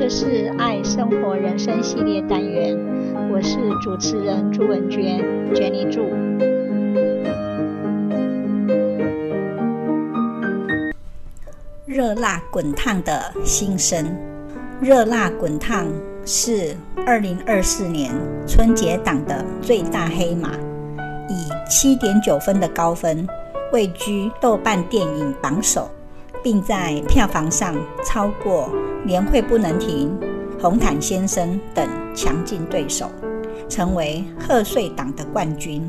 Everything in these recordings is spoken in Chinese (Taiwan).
這是愛生活人生系列單元，我是主持人朱文娟，Jenny Zhu。熱辣滾燙的心聲，熱辣滾燙是二零二四年春節檔的最大黑馬，以七點九分的高分，位居豆瓣電影榜首。並在票房上超過《年會不能停》《紅毯先生》等強勁對手，成為賀歲檔的冠軍。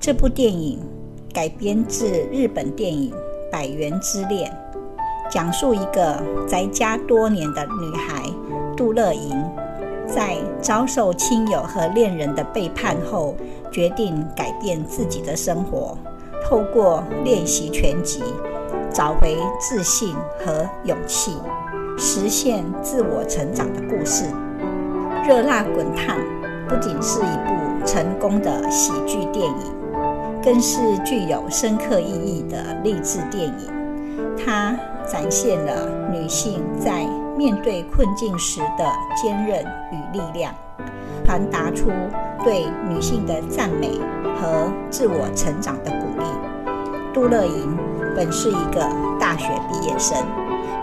這部電影改編自日本電影《百元之戀》，講述一個宅家多年的女孩杜樂瑩，在遭受親友和戀人的背叛後，決定改變自己的生活，透過練習拳擊。找回自信和勇氣，實現自我成長的故事。《熱辣滾燙》不僅是一部成功的喜劇電影，更是具有深刻意義的勵志電影。它展現了女性在面對困境時的堅韌與力量，傳達出對女性的讚美和自我成長的鼓勵。杜樂瑩。本是一個大學畢業生，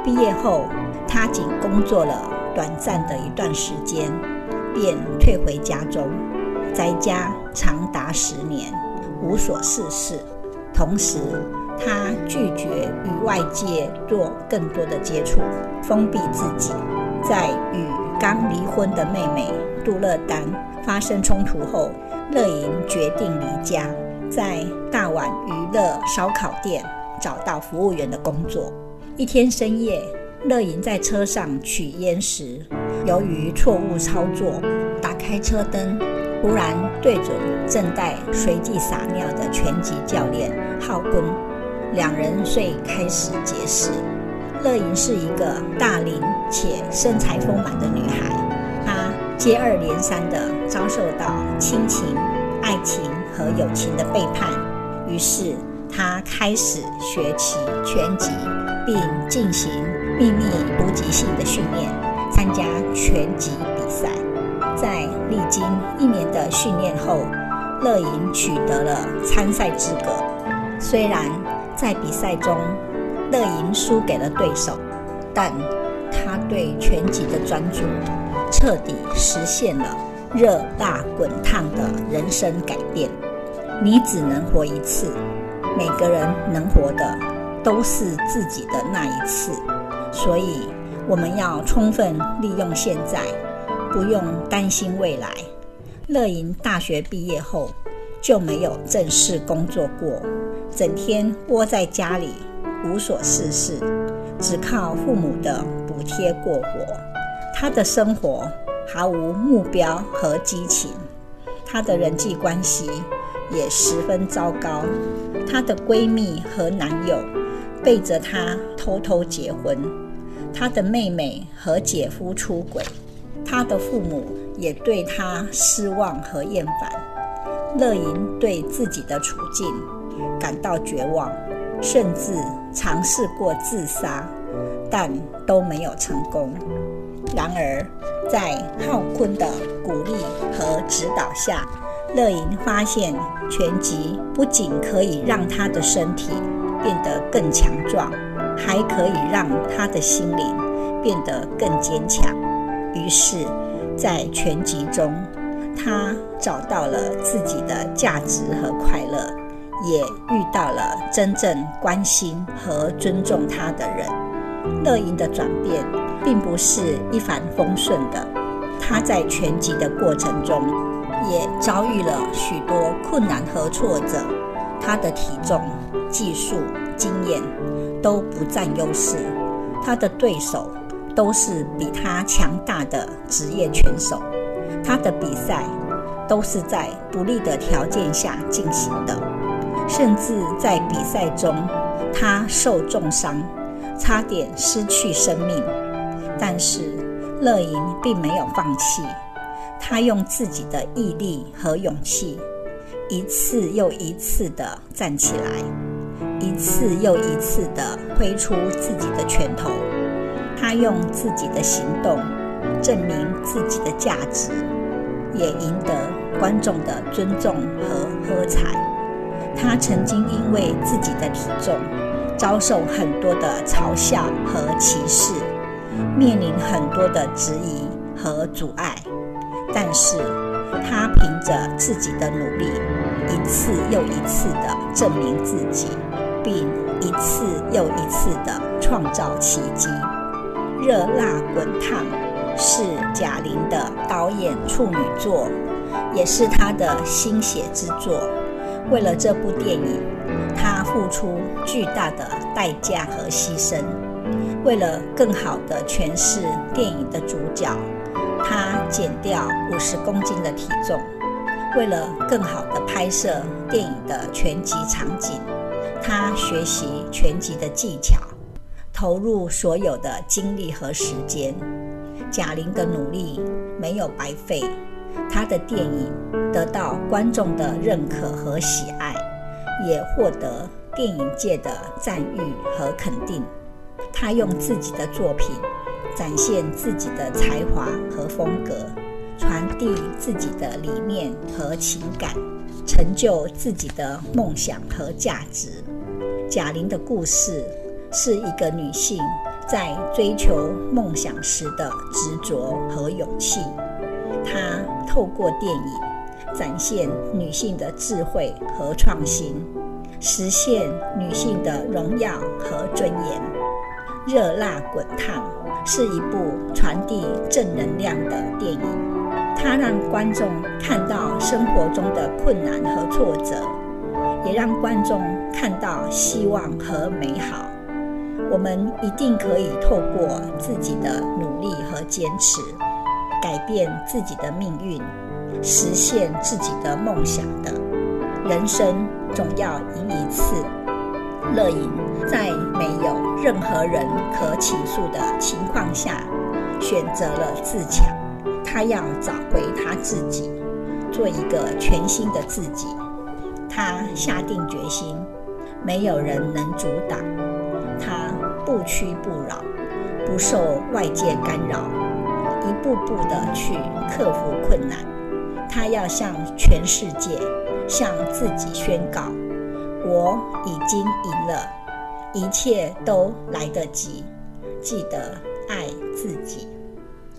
畢業後她僅工作了短暫的一段時間，便退回家中，宅家長達十年，無所事事。同時，她拒絕與外界做更多的接觸，封閉自己。在與剛離婚的妹妹杜樂丹發生衝突後，樂瑩決定離家，在大碗魚樂燒烤店。找到服務員的工作。一天深夜，樂瑩在車上取煙時，由於錯誤操作，打開車燈，忽然對準正在隨地撒尿的拳擊教練昊坤，兩人遂開始結識。樂瑩是一個大齡且身材豐滿的女孩，她接二連三地遭受到親情、愛情和友情的背叛，於是。他開始學習拳擊，並進行密集突擊性的訓練，參加拳擊比賽。在歷經一年的訓練後，樂瑩取得了參賽資格。雖然在比賽中，樂瑩輸給了對手，但她對拳擊的專注，徹底實現了熱辣滾燙的人生改變。你只能活一次。每個人能活的，都是自己的那一次，所以我們要充分利用現在，不用擔心未來。樂瑩大學畢業後就沒有正式工作過，整天窩在家裡，無所事事，只靠父母的補貼過活。她的生活，毫無目標和激情，她的人際關係也十分糟糕。她的閨蜜和男友背着她偷偷結婚，她的妹妹和姐夫出軌，她的父母也對她失望和厭煩。樂瑩對自己的處境感到絕望，甚至嘗試過自殺，但都沒有成功。然而，在昊坤的鼓勵和指導下，樂瑩發現拳擊不僅可以讓她的身體變得更強壯，還可以讓她的心靈變得更堅強。於是，在拳擊中，她找到了自己的價值和快樂，也遇到了真正關心和尊重她的人。樂瑩的轉變並不是一帆風順的，她在拳擊的過程中，也遭遇了許多困難和挫折，她的體重、技術、經驗都不占優勢，她的對手都是比她強大的職業拳手，她的比賽都是在不利的條件下進行的，甚至在比賽中她受重傷，差點失去生命。但是樂瑩並沒有放棄。她用自己的毅力和勇氣，一次又一次地站起來，一次又一次地揮出自己的拳頭。她用自己的行動證明自己的價值，也贏得觀眾的尊重和喝彩。她曾經因為自己的體重遭受很多的嘲笑和歧視，面臨很多的質疑和阻礙。但是，她憑着自己的努力，一次又一次地證明自己，並一次又一次地創造奇蹟。《熱辣滾燙》是賈玲的導演處女作，也是她的心血之作。為了這部電影，她付出巨大的代價和犧牲。為了更好地詮釋電影的主角。減掉五十公斤的體重，為了更好地拍攝電影的拳擊場景，她學習拳擊的技巧，投入所有的精力和時間。賈玲的努力沒有白費，她的電影得到觀眾的認可和喜愛，也獲得電影界的讚譽和肯定。她用自己的作品。展現自己的才華和風格，傳遞自己的理念和情感，成就自己的夢想和價值。賈玲的故事是一個女性在追求夢想時的執着和勇氣。她透過電影展現女性的智慧和創新，實現女性的榮耀和尊嚴。熱辣滾燙是一部傳遞正能量的電影，它讓觀眾看到生活中的困難和挫折，也讓觀眾看到希望和美好。我們一定可以透過自己的努力和堅持，改變自己的命運，實現自己的夢想的。人生總要贏一次，樂瑩在沒有任何人可傾訴的情況下，選擇了自強。她要找回她自己，做一個全新的自己。她下定決心，沒有人能阻擋。她不屈不撓，不受外界干擾，一步步地去克服困難。她要向全世界，向自己宣告：我已經贏了。一切都來得及，記得愛自己。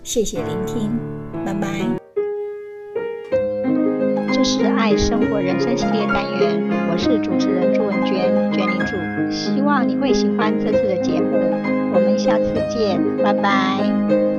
謝謝聆聽，拜拜。這是愛生活人生系列單元，我是主持人朱文娟，娟玲主。希望你會喜歡這次的節目，我們下次見，拜拜。